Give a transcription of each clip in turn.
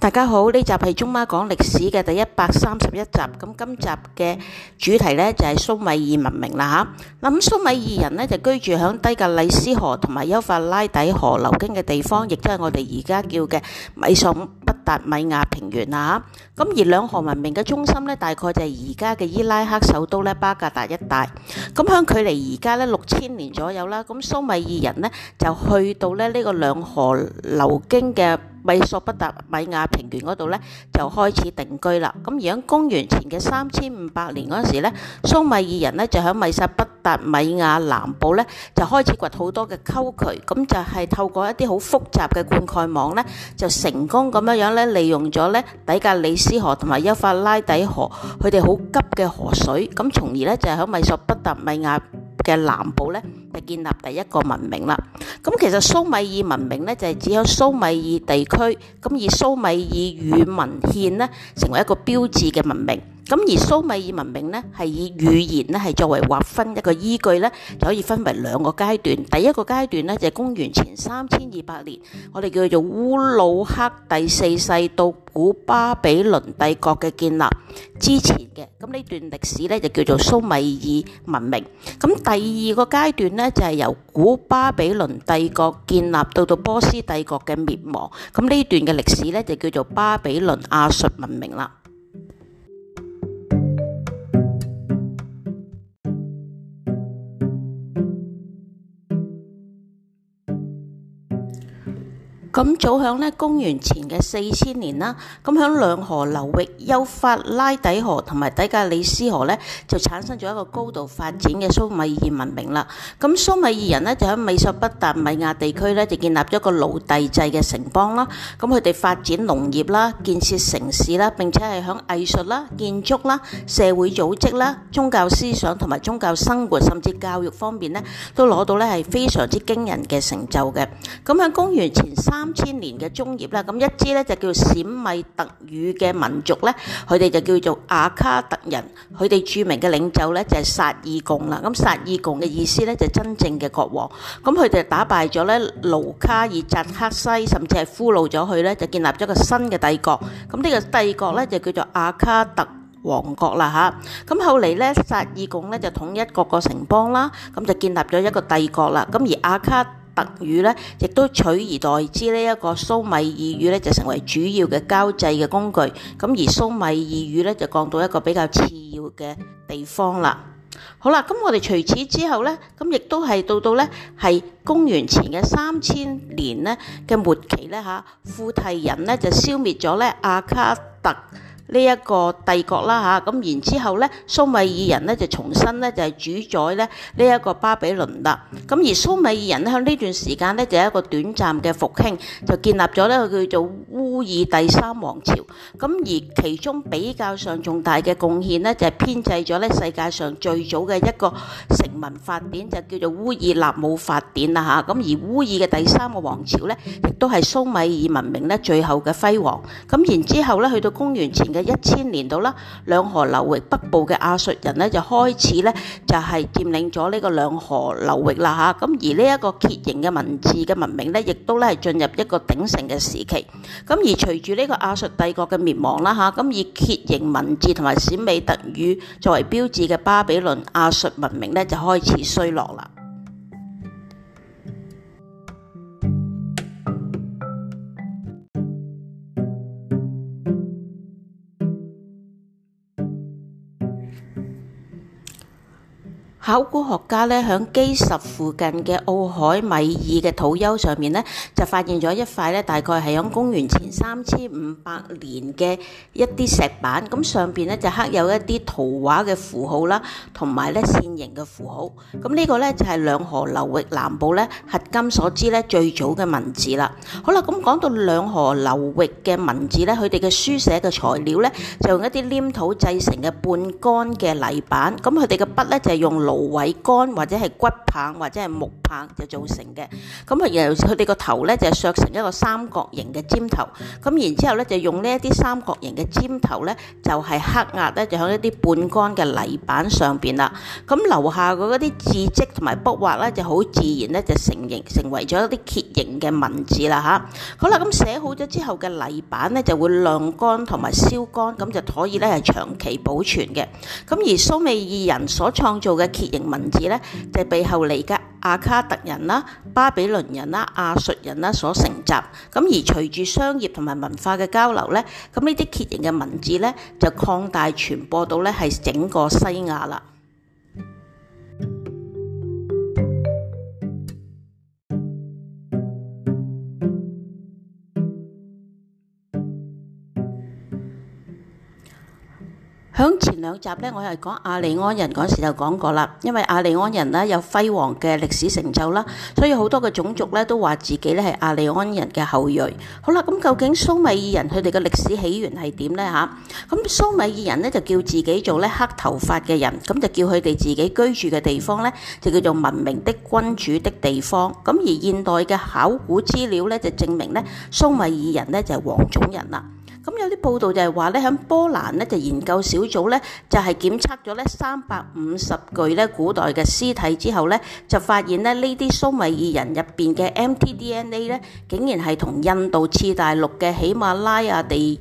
大家好，呢集係中馬講歷史嘅第一百三十一集。咁今集嘅主題呢就係蘇美爾文明啦，吓。嗱，咁蘇美爾人呢就居住響底格里斯河同埋幼發拉底河流經嘅地方，亦都係我哋而家叫嘅米索不達米亞平原啦，吓。咁而兩河文明嘅中心呢，大概就係而家嘅伊拉克首都呢，巴格達一帶。咁響距離而家呢六千年左右啦。咁蘇美爾人呢就去到呢呢個兩河流經嘅。米索不達米亞平原嗰度咧就開始定居啦。咁而喺公元前嘅三千五百年嗰陣時咧，蘇米爾人咧就喺米索不達米亞南部咧就開始掘好多嘅溝渠，咁就係、是、透過一啲好複雜嘅灌溉網咧，就成功咁樣樣咧利用咗咧底格里斯河同埋幼發拉底河佢哋好急嘅河水，咁從而咧就喺米索不達米亞。嘅南部咧，就建立第一個文明啦。咁其實蘇美爾文明咧，就係只有蘇美爾地區，咁以蘇美爾語文獻咧，成為一個標誌嘅文明。咁而蘇美爾文明呢，係以語言呢，係作為劃分一個依據呢，就可以分為兩個階段。第一個階段呢，就係、是、公元前三千二百年，我哋叫做烏魯克第四世到古巴比倫帝國嘅建立之前嘅。咁呢段歷史呢，就叫做蘇美爾文明。咁第二個階段呢，就係、是、由古巴比倫帝國建立到到波斯帝國嘅滅亡。咁呢段嘅歷史呢，就叫做巴比倫亞述文明啦。咁早響咧公元前嘅四千年啦，咁響兩河流域、幼發拉底河同埋底格里斯河咧，就產生咗一個高度發展嘅蘇美爾文明啦。咁蘇美爾人咧就喺美索不達米亞地區咧就建立咗一個奴隸制嘅城邦啦。咁佢哋發展農業啦、建設城市啦，並且係響藝術啦、建築啦、社會組織啦、宗教思想同埋宗教生活，甚至教育方面咧，都攞到咧係非常之驚人嘅成就嘅。咁喺公元前三三千年嘅中葉啦，咁一支咧就叫做閃米特語嘅民族咧，佢哋就叫做阿卡特人，佢哋著名嘅領袖咧就係薩爾共啦。咁薩爾共嘅意思咧就係真正嘅國王，咁佢哋打敗咗咧盧卡爾扎克西，甚至係俘虜咗佢咧，就建立咗一個新嘅帝國。咁、這、呢個帝國咧就叫做阿卡特王國啦吓，咁後嚟咧薩爾共咧就統一各個城邦啦，咁就建立咗一個帝國啦。咁而阿卡白語咧，亦都取而代之呢一個蘇米爾語咧，就成為主要嘅交際嘅工具。咁而蘇米爾語咧，就降到一個比較次要嘅地方啦。好啦，咁我哋除此之後咧，咁亦都係到到咧，係公元前嘅三千年咧嘅末期咧嚇，庫提人咧就消滅咗咧阿卡特。呢一個帝國啦吓，咁然之後咧，蘇美爾人咧就重新咧就係、主宰咧呢一個巴比倫啦。咁而蘇美爾人咧響呢段時間咧就係一個短暫嘅復興，就建立咗咧叫做烏爾第三王朝。咁而其中比較上重大嘅貢獻咧就係編制咗咧世界上最早嘅一個成文法典，就叫做烏爾納姆法典啦吓，咁而烏爾嘅第三個王朝咧亦都係蘇美爾文明咧最後嘅輝煌。咁然之後咧去到公元前嘅一千年度啦，兩河流域北部嘅亞述人咧就開始咧就係、是、佔領咗呢個兩河流域啦嚇，咁、啊、而呢一個楔形嘅文字嘅文明咧，亦都咧係進入一個鼎盛嘅時期，咁、啊、而隨住呢個亞述帝國嘅滅亡啦嚇，咁、啊、以楔形文字同埋閃米特語作為標誌嘅巴比倫亞述文明咧就開始衰落啦。考古學家咧喺基什附近嘅奧海米爾嘅土丘上面咧，就發現咗一塊咧，大概係喺公元前三千五百年嘅一啲石板。咁上邊咧就刻有一啲圖畫嘅符號啦，同埋咧線形嘅符號。咁呢個咧就係、是、兩河流域南部咧迄今所知咧最早嘅文字啦。好啦，咁、嗯、講到兩河流域嘅文字咧，佢哋嘅書寫嘅材料咧就用一啲黏土製成嘅半乾嘅泥板。咁佢哋嘅筆咧就係、是、用蘆蘆葦杆或者係骨棒或者係木棒就做成嘅，咁啊由佢哋個頭咧就削成一個三角形嘅尖頭，咁然之後咧就用呢一啲三角形嘅尖頭咧就係、是、刻壓咧就喺一啲半乾嘅泥板上邊啦，咁留下嗰啲字跡同埋筆畫咧就好自然咧就成形成為咗一啲楔形嘅文字啦吓，好啦，咁寫好咗之後嘅泥板咧就會晾乾同埋燒乾，咁就可以咧係長期保存嘅，咁而蘇美爾人所創造嘅楔形文字咧，就係、是、背後嚟嘅阿卡特人啦、巴比倫人啦、亞述人啦所承襲。咁而隨住商業同埋文化嘅交流咧，咁呢啲楔形嘅文字咧，就擴大傳播到咧係整個西亞啦。喺前兩集咧，我係講亞利安人嗰時就講過啦，因為亞利安人呢，有輝煌嘅歷史成就啦，所以好多嘅種族咧都話自己咧係亞利安人嘅後裔。好啦，咁、嗯、究竟蘇美爾人佢哋嘅歷史起源係點咧嚇？咁、嗯、蘇美爾人咧就叫自己做咧黑頭髮嘅人，咁就叫佢哋自己居住嘅地方咧就叫做文明的君主的地方。咁而現代嘅考古資料咧就證明咧蘇美爾人咧就係黃種人啦。咁、嗯、有啲報道就係話咧，喺波蘭咧就研究小組咧就係檢測咗咧三百五十具咧古代嘅屍體之後咧就發現咧呢啲蘇米爾人入邊嘅 mtDNA 咧竟然係同印度次大陸嘅喜馬拉雅地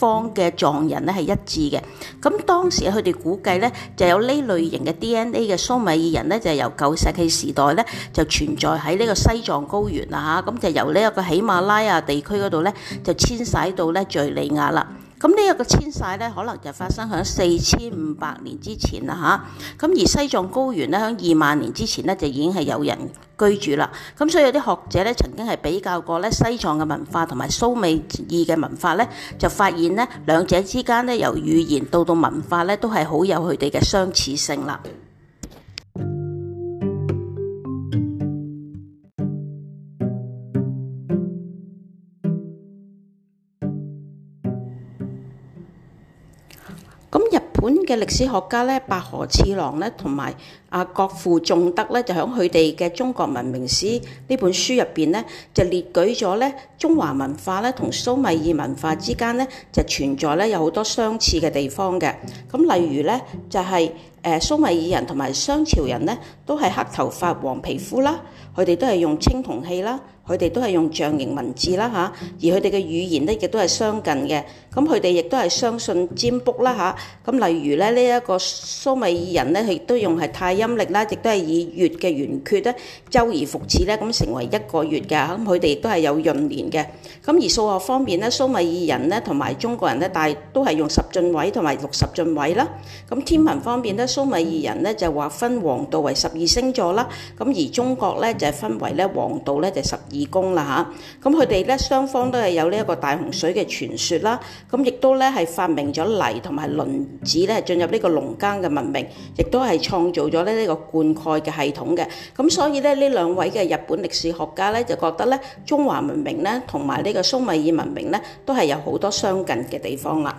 方嘅藏人咧係一致嘅，咁當時佢哋估計咧就有呢類型嘅 DNA 嘅蘇美爾人咧，就由舊石器時代咧就存在喺呢個西藏高原啦嚇，咁、啊、就由呢一個喜馬拉雅地區嗰度咧就遷徙到咧敍利亞啦。咁呢一個遷徙咧，可能就發生喺四千五百年之前啦吓。咁而西藏高原咧，喺二萬年之前咧，就已經係有人居住啦。咁所以有啲學者咧，曾經係比較過咧西藏嘅文化同埋蘇美爾嘅文化咧，就發現咧兩者之間咧，由語言到到文化咧，都係好有佢哋嘅相似性啦。嘅歷史學家咧，白河次郎咧，同埋阿國富仲德咧，就喺佢哋嘅《中國文明史》呢本書入邊咧，就列舉咗咧，中華文化咧同蘇美爾文化之間咧就存在咧有好多相似嘅地方嘅。咁例如咧就係、是、誒、呃、蘇美爾人同埋商朝人咧都係黑頭髮、黃皮膚啦，佢哋都係用青銅器啦。佢哋都係用象形文字啦吓，而佢哋嘅語言咧亦都係相近嘅。咁佢哋亦都係相信占卜啦吓，咁例如咧，呢一個蘇美爾人咧，亦都用係太陰歷啦，亦都係以月嘅圓缺咧周而復始咧，咁成為一個月嘅。咁佢哋都係有閏年嘅。咁而數學方面咧，蘇美爾人咧同埋中國人咧，但係都係用十進位同埋六十進位啦。咁天文方面咧，蘇美爾人咧就劃分黃道為十二星座啦。咁而中國咧就係分為咧黃道咧就十二。義工啦嚇，咁佢哋咧雙方都係有呢一個大洪水嘅傳說啦，咁亦都咧係發明咗泥同埋輪子咧進入呢個農耕嘅文明，亦都係創造咗咧呢個灌溉嘅系統嘅，咁所以咧呢兩位嘅日本歷史學家咧就覺得咧中華文明咧同埋呢個蘇美爾文明咧都係有好多相近嘅地方啦。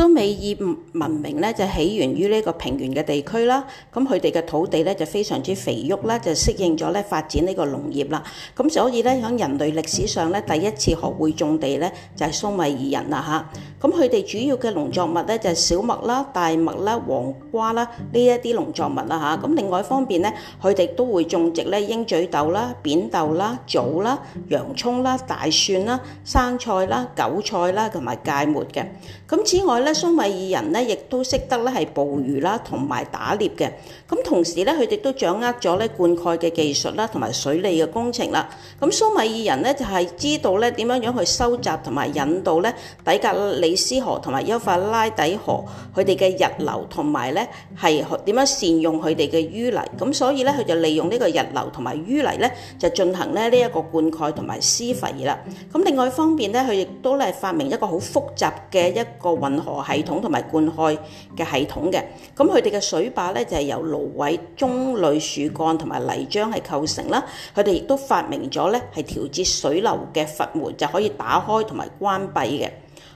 蘇美爾文明咧就起源於呢個平原嘅地區啦，咁佢哋嘅土地咧就非常之肥沃啦，就適應咗咧發展呢個農業啦。咁所以咧響人類歷史上咧第一次學會種地咧就係蘇美爾人啦吓，咁佢哋主要嘅農作物咧就係、是、小麥啦、大麥啦、黃瓜啦呢一啲農作物啦吓，咁另外一方面咧佢哋都會種植咧鷹嘴豆啦、扁豆啦、棗啦、洋蔥啦、大蒜啦、生菜啦、韭菜啦同埋芥末嘅。咁此外咧。蘇美爾人咧，亦都識得咧係捕魚啦，同埋打獵嘅。咁同時咧，佢哋都掌握咗咧灌溉嘅技術啦，同埋水利嘅工程啦。咁蘇美爾人咧就係、是、知道咧點樣樣去收集同埋引導咧底格里斯河同埋幼發拉底河佢哋嘅日流，同埋咧係點樣善用佢哋嘅淤泥。咁所以咧，佢就利用呢個日流同埋淤泥咧，就進行咧呢一個灌溉同埋施肥啦。咁另外方面咧，佢亦都係發明一個好複雜嘅一個運河。系統同埋灌溉嘅系統嘅，咁佢哋嘅水壩咧就係由蘆葦、棕櫚樹幹同埋泥漿係構成啦。佢哋亦都發明咗咧，係調節水流嘅閥門就可以打開同埋關閉嘅。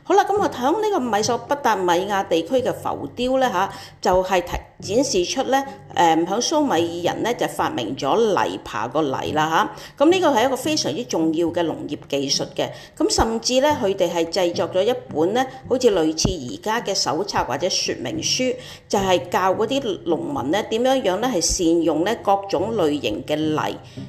好啦，咁我睇呢個米索不達米亞地區嘅浮雕咧吓、啊，就係提。展示出咧，誒響蘇美爾人咧就發明咗泥耙個泥啦吓，咁呢個係一個非常之重要嘅農業技術嘅，咁甚至咧佢哋係製作咗一本咧，好似類似而家嘅手冊或者說明書，就係教嗰啲農民咧點樣樣咧係善用咧各種類型嘅泥，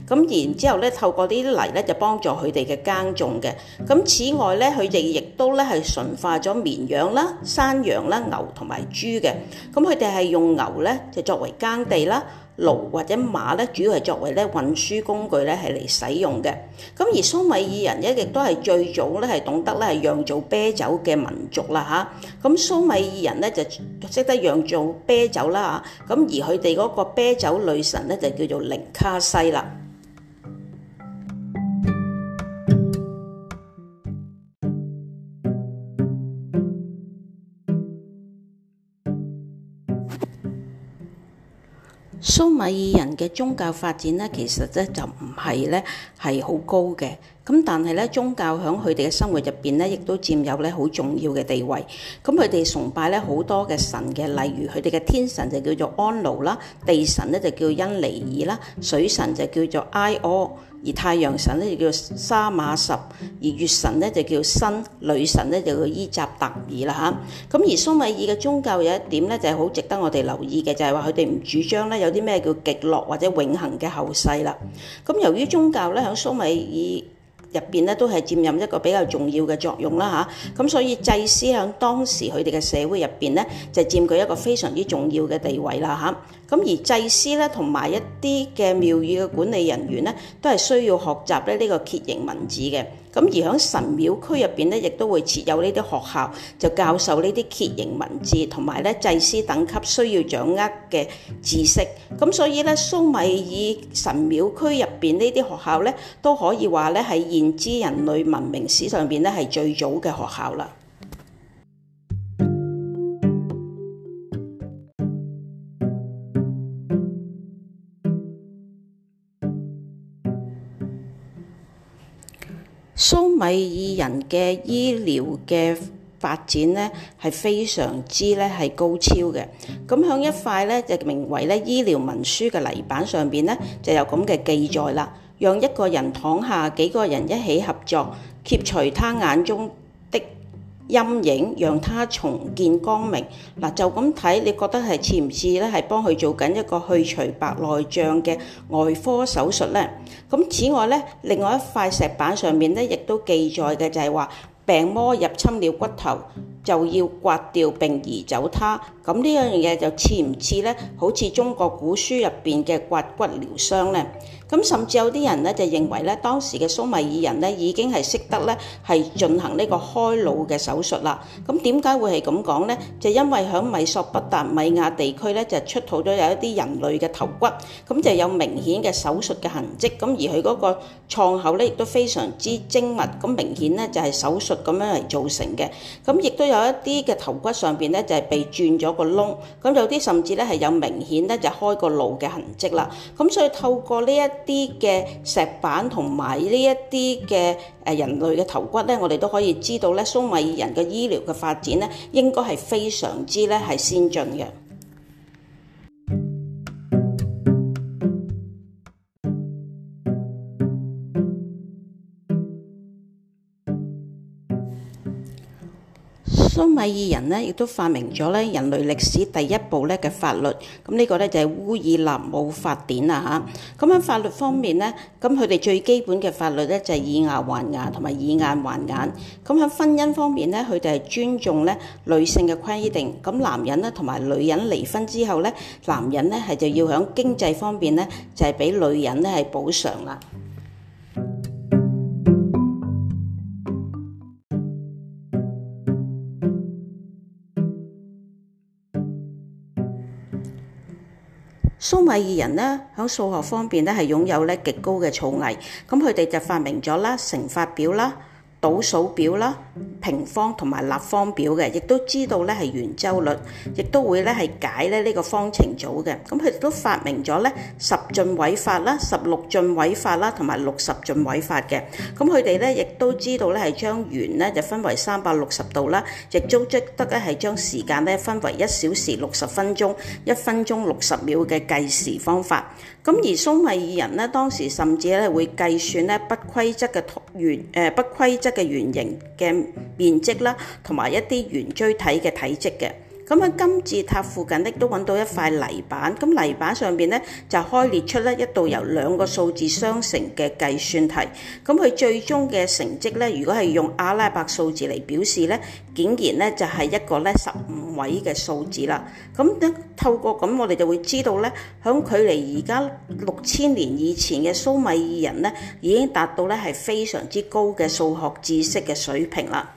咁然之後咧透過啲泥咧就幫助佢哋嘅耕種嘅，咁此外咧佢哋亦都咧係馴化咗綿羊啦、山羊啦、牛同埋豬嘅，咁佢哋係用牛。牛咧就作為耕地啦，驢或者馬咧主要係作為咧運輸工具咧係嚟使用嘅。咁而蘇美爾人咧亦都係最早咧係懂得咧係釀造啤酒嘅民族啦吓。咁蘇美爾人咧就識得釀造啤酒啦吓。咁而佢哋嗰個啤酒女神咧就叫做寧卡西啦。蘇美爾人嘅宗教發展呢，其實呢就唔係呢係好高嘅。咁但係呢宗教喺佢哋嘅生活入邊呢，亦都佔有呢好重要嘅地位。咁佢哋崇拜呢好多嘅神嘅，例如佢哋嘅天神就叫做安奴啦，地神呢就叫恩尼爾啦，水神就叫做埃俄。O, 而太陽神咧就叫做沙馬什，而月神咧就叫做新，女神咧就叫伊扎特爾啦嚇。咁、啊、而蘇美爾嘅宗教有一點咧就係、是、好值得我哋留意嘅，就係話佢哋唔主張咧有啲咩叫極樂或者永恆嘅後世啦。咁、啊、由於宗教咧喺蘇美爾入邊咧都係佔任一個比較重要嘅作用啦嚇，咁、啊啊、所以祭司喺當時佢哋嘅社會入邊咧就佔據一個非常之重要嘅地位啦嚇。啊咁而祭司咧，同埋一啲嘅廟宇嘅管理人員咧，都係需要學習咧呢個楔形文字嘅。咁而喺神廟區入邊咧，亦都會設有呢啲學校，就教授呢啲楔形文字同埋咧祭司等級需要掌握嘅知識。咁所以咧，蘇美爾神廟區入邊呢啲學校咧，都可以話咧係現知人類文明史上邊咧係最早嘅學校啦。蘇米爾人嘅醫療嘅發展呢，係非常之呢係高超嘅，咁喺一塊呢，就名為呢醫療文書嘅泥板上邊呢，就有咁嘅記載啦，讓一個人躺下，幾個人一起合作切除他眼中陰影，讓他重見光明。嗱、啊，就咁睇，你覺得係似唔似咧？係幫佢做緊一個去除白內障嘅外科手術咧。咁、啊、此外咧，另外一塊石板上面咧，亦都記載嘅就係話。病魔入侵了骨頭，就要刮掉並移走它。咁呢樣嘢就似唔似咧？好似中國古書入邊嘅刮骨療傷咧。咁甚至有啲人咧就認為咧，當時嘅蘇美爾人咧已經係識得咧係進行呢個開腦嘅手術啦。咁點解會係咁講咧？就因為響美索不達米亞地區咧就出土咗有一啲人類嘅頭骨，咁就有明顯嘅手術嘅痕跡，咁而佢嗰個創口咧亦都非常之精密，咁明顯咧就係手術。咁樣嚟造成嘅，咁亦都有一啲嘅頭骨上邊咧，就係、是、被鑽咗個窿，咁有啲甚至咧係有明顯咧就是、開個路嘅痕跡啦。咁所以透過呢一啲嘅石板同埋呢一啲嘅誒人類嘅頭骨咧，我哋都可以知道咧，蘇美爾人嘅醫療嘅發展咧，應該係非常之咧係先進嘅。中美爾人咧，亦都發明咗咧人類歷史第一部咧嘅法律。咁呢個咧就係、是、烏爾納姆法典啦吓，咁喺法律方面咧，咁佢哋最基本嘅法律咧就係以牙還牙同埋以，以眼還眼。咁喺婚姻方面咧，佢哋係尊重咧女性嘅規定。咁男人咧同埋女人離婚之後咧，男人咧係就要喺經濟方面咧就係俾女人咧係補償啦。蘇米二人呢，喺數學方面呢，係擁有呢極高嘅造詣，咁佢哋就發明咗啦乘法表啦、倒數表啦。平方同埋立方表嘅，亦都知道咧係圓周率，亦都會咧係解咧呢個方程組嘅。咁佢哋都發明咗咧十進位法啦、十六進位法啦同埋六十進位法嘅。咁佢哋咧亦都知道咧係將圓咧就分為三百六十度啦，亦都即得咧係將時間咧分為一小時六十分鐘、一分鐘六十秒嘅計時方法。咁而蘇美爾人呢，當時甚至咧會計算咧不規則嘅圓，誒、呃、不規則嘅圓形嘅面積啦，同埋一啲圓錐體嘅體積嘅。咁喺金字塔附近的都揾到一塊泥板，咁泥板上邊咧就開列出咧一度由兩個數字相乘嘅計算題，咁佢最終嘅成績咧，如果係用阿拉伯數字嚟表示咧，竟然咧就係一個咧十五位嘅數字啦。咁咧透過咁，我哋就會知道咧，喺距離而家六千年以前嘅蘇米爾人咧，已經達到咧係非常之高嘅數學知識嘅水平啦。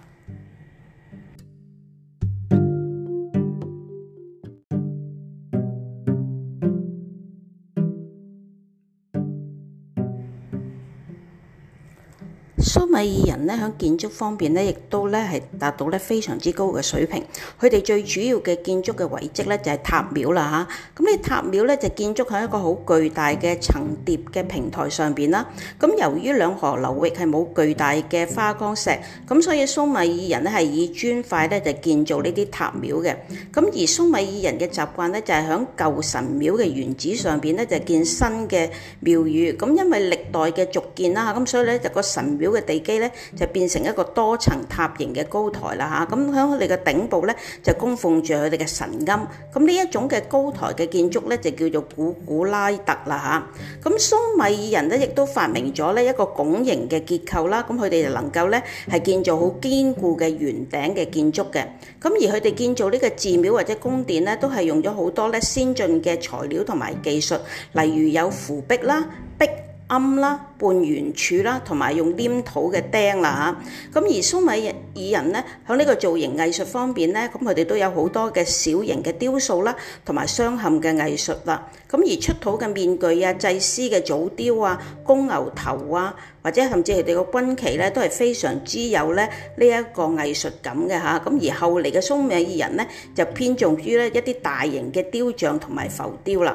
米爾人咧喺建築方面咧，亦都咧係達到咧非常之高嘅水平。佢哋最主要嘅建築嘅遺跡咧就係塔廟啦嚇。咁呢塔廟咧就建築喺一個好巨大嘅層疊嘅平台上邊啦。咁由於兩河流域係冇巨大嘅花崗石，咁所以蘇米爾人咧係以磚塊咧就建造呢啲塔廟嘅。咁而蘇米爾人嘅習慣咧就係喺舊神廟嘅原址上邊咧就建新嘅廟宇。咁因為歷代嘅續建啦，咁所以咧就個神廟嘅地。機咧就變成一個多層塔形嘅高台啦嚇，咁喺佢哋嘅頂部咧就供奉住佢哋嘅神音。咁呢一種嘅高台嘅建築咧就叫做古古拉特啦嚇。咁蘇米爾人咧亦都發明咗呢一個拱形嘅結構啦，咁佢哋能夠咧係建造好堅固嘅圓頂嘅建築嘅。咁而佢哋建造呢個寺廟或者宮殿咧，都係用咗好多咧先進嘅材料同埋技術，例如有扶壁啦壁暗啦、半圓柱啦，同埋用黏土嘅釘啦嚇。咁而蘇美爾人呢，喺呢個造型藝術方面呢，咁佢哋都有好多嘅小型嘅雕塑啦，同埋鑲嵌嘅藝術啦。咁而出土嘅面具啊、祭司嘅組雕啊、公牛頭啊，或者甚至佢哋嘅軍旗呢，都係非常之有咧呢一個藝術感嘅嚇。咁而後嚟嘅蘇美爾人呢，就偏重於呢一啲大型嘅雕像同埋浮雕啦。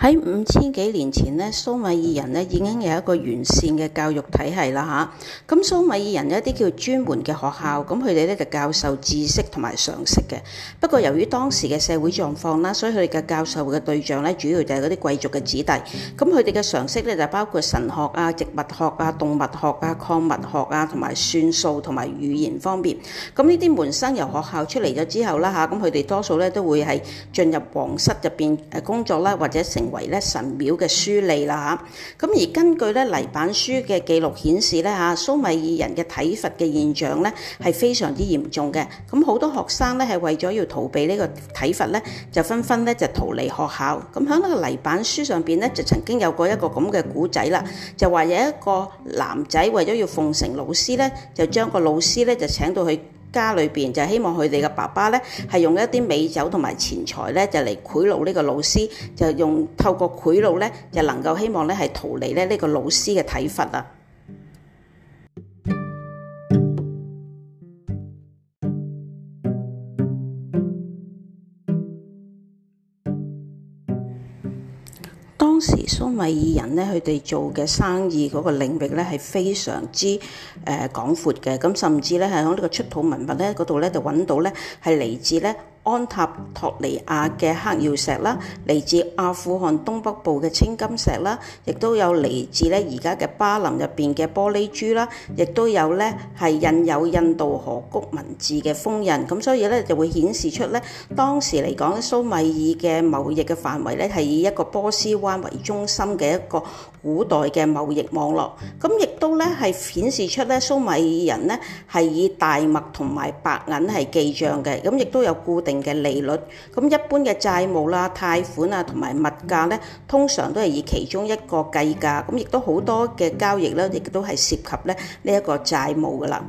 喺五千幾年前咧，蘇美爾人咧已經有一個完善嘅教育體系啦吓，咁、嗯、蘇美爾人有一啲叫專門嘅學校，咁佢哋咧就教授知識同埋常識嘅。不過由於當時嘅社會狀況啦，所以佢哋嘅教授嘅對象咧，主要就係嗰啲貴族嘅子弟。咁佢哋嘅常識咧就包括神學啊、植物學啊、動物學啊、礦物學啊，同埋算數同埋語言方面。咁呢啲門生由學校出嚟咗之後啦吓，咁佢哋多數咧都會係進入皇室入邊誒工作啦，或者成為咧神廟嘅書吏啦吓，咁而根據咧泥板書嘅記錄顯示咧吓，蘇美爾人嘅體罰嘅現象咧係非常之嚴重嘅。咁好多學生咧係為咗要逃避呢個體罰咧，就紛紛咧就逃離學校。咁響呢個泥板書上邊咧就曾經有過一個咁嘅古仔啦，就話有一個男仔為咗要奉承老師咧，就將個老師咧就請到去家裏邊就希望佢哋嘅爸爸咧，係用一啲美酒同埋錢財咧，就嚟賄賂呢個老師，就用透過賄賂咧，就能夠希望咧係逃離咧呢個老師嘅睇法啊！當時蘇美爾人咧，佢哋做嘅生意嗰個領域咧，係非常之誒、呃、廣闊嘅。咁甚至咧，係喺呢個出土文物咧嗰度咧，就揾到咧係嚟自咧。安塔托利亞嘅黑曜石啦，嚟自阿富汗東北部嘅青金石啦，亦都有嚟自咧而家嘅巴林入邊嘅玻璃珠啦，亦都有咧係印有印度河谷文字嘅封印，咁所以咧就會顯示出咧當時嚟講，蘇米爾嘅貿易嘅範圍咧係以一個波斯灣為中心嘅一個古代嘅貿易網絡，咁亦都咧係顯示出咧蘇美爾人咧係以大麥同埋白銀係記帳嘅，咁亦都有固定嘅利率，咁一般嘅債務啦、貸款啊同埋物價咧，通常都係以其中一個計價，咁亦都好多嘅交易咧，亦都係涉及咧呢一個債務噶啦。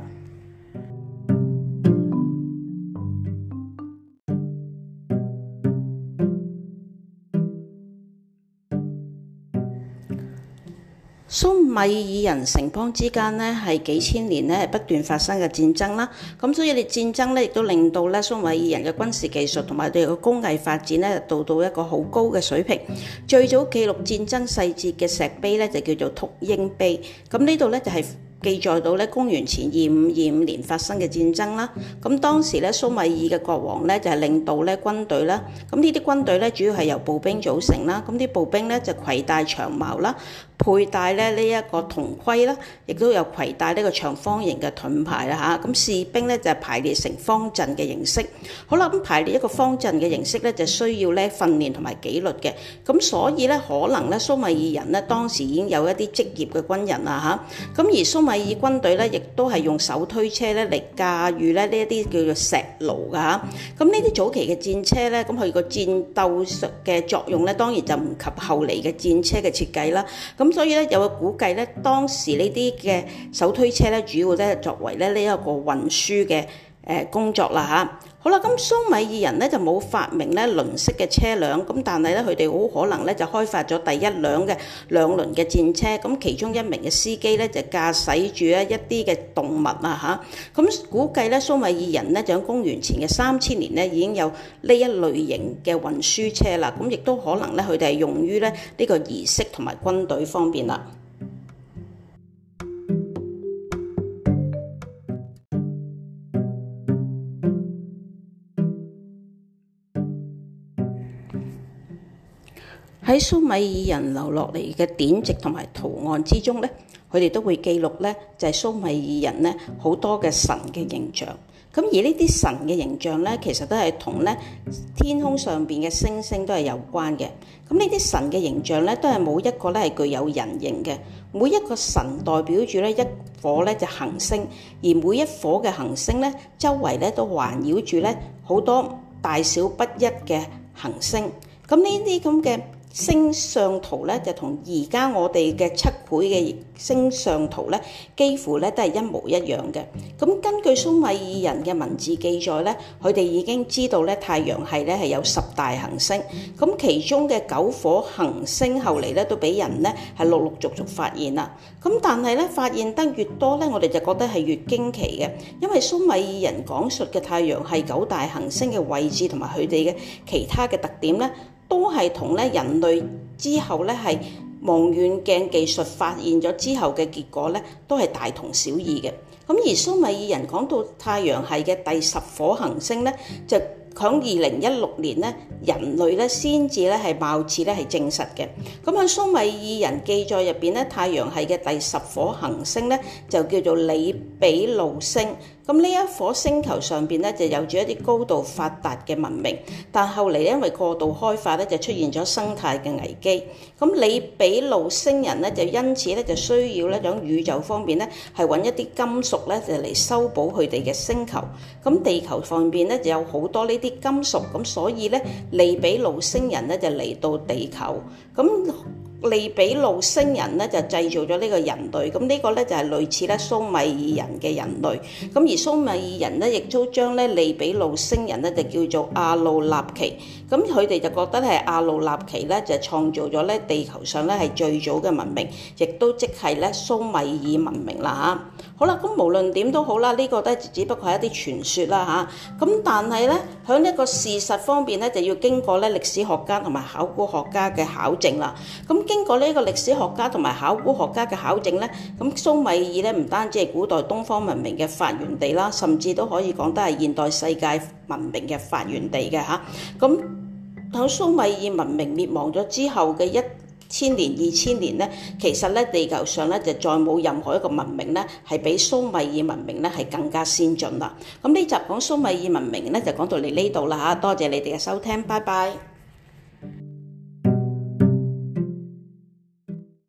蘇米爾人城邦之間呢，係幾千年咧不斷發生嘅戰爭啦，咁所以你戰爭呢亦都令到咧蘇米爾人嘅軍事技術同埋佢嘅工藝發展呢，就到到一個好高嘅水平。最早記錄戰爭細節嘅石碑呢，就叫做禿鷹碑，咁呢度呢，就係、是、記載到咧公元前二五二五年發生嘅戰爭啦。咁當時咧蘇米爾嘅國王呢，就係、是、領導咧軍隊啦，咁呢啲軍隊咧主要係由步兵組成啦，咁啲步兵呢，就攜帶長矛啦。佩戴咧呢一個銅盔啦，亦都有攜帶呢個長方形嘅盾牌啦嚇。咁、啊、士兵咧就係、是、排列成方陣嘅形式。好啦，咁排列一個方陣嘅形式咧，就需要咧訓練同埋紀律嘅。咁所以咧，可能咧蘇美爾人呢，當時已經有一啲職業嘅軍人啦嚇。咁、啊、而蘇美爾軍隊咧，亦都係用手推車咧嚟駕馭咧呢一啲叫做石爐噶。咁呢啲早期嘅戰車咧，咁佢個戰鬥術嘅作用咧，當然就唔及後嚟嘅戰車嘅設計啦。咁、啊咁所以咧，有個估計咧，當時呢啲嘅手推車咧，主要咧作為咧呢一個運輸嘅誒工作啦嚇。好啦，咁蘇米爾人咧就冇發明咧輪式嘅車輛，咁但係咧佢哋好可能咧就開發咗第一輛嘅兩輪嘅戰車，咁其中一名嘅司機咧就駕駛住咧一啲嘅動物啊吓，咁估計咧蘇米爾人咧就喺公元前嘅三千年咧已經有呢一類型嘅運輸車啦，咁亦都可能咧佢哋係用於咧呢個儀式同埋軍隊方面啦。喺蘇美爾人留落嚟嘅典籍同埋圖案之中咧，佢哋都會記錄咧，就係、是、蘇美爾人咧好多嘅神嘅形象。咁而呢啲神嘅形象咧，其實都係同咧天空上邊嘅星星都係有關嘅。咁呢啲神嘅形象咧，都係冇一個咧係具有人形嘅。每一個神代表住咧一顆咧就是、行星，而每一顆嘅行星咧，周圍咧都環繞住咧好多大小不一嘅行星。咁呢啲咁嘅。星相圖咧就同而家我哋嘅七倍嘅星相圖咧，幾乎咧都係一模一樣嘅。咁根據蘇米爾人嘅文字記載咧，佢哋已經知道咧太陽系咧係有十大行星。咁其中嘅九火行星後嚟咧都俾人咧係陸陸續續發現啦。咁但係咧發現得越多咧，我哋就覺得係越驚奇嘅，因為蘇米爾人講述嘅太陽系九大行星嘅位置同埋佢哋嘅其他嘅特點咧。都係同咧人類之後咧係望遠鏡技術發現咗之後嘅結果咧，都係大同小異嘅。咁而蘇美爾人講到太陽系嘅第十顆行星咧，就喺二零一六年咧，人類咧先至咧係貌似咧係證實嘅。咁喺蘇美爾人記載入邊咧，太陽系嘅第十顆行星咧就叫做里比路星。咁呢一顆星球上邊咧就有住一啲高度發達嘅文明，但後嚟因為過度開發咧，就出現咗生態嘅危機。咁利比魯星人咧就因此咧就需要咧響宇宙方面咧係揾一啲金屬咧就嚟修補佢哋嘅星球。咁地球上面咧就有好多呢啲金屬，咁所以咧利比魯星人咧就嚟到地球咁。利比魯星人呢就製造咗呢個人類，咁呢個呢就係類似呢蘇米爾人嘅人類，咁而蘇米爾人呢亦都將呢利比魯星人呢就叫做阿魯納奇。咁佢哋就覺得係阿努納奇咧，就創造咗咧地球上咧係最早嘅文明，亦都即係咧蘇米爾文明啦嚇。好啦，咁無論點都好啦，這個、呢個咧只不過係一啲傳說啦嚇。咁、啊、但係咧，喺呢個事實方面咧，就要經過咧歷史學家同埋考古學家嘅考證啦。咁經過呢個歷史學家同埋考古學家嘅考證咧，咁蘇米爾咧唔單止係古代東方文明嘅發源地啦，甚至都可以講得係現代世界文明嘅發源地嘅嚇。咁、啊喺蘇米爾文明滅亡咗之後嘅一千年、二千年咧，其實咧地球上咧就再冇任何一個文明咧係比蘇米爾文明咧係更加先進啦。咁呢集講蘇米爾文明咧就講到你呢度啦吓，多謝你哋嘅收聽，拜拜。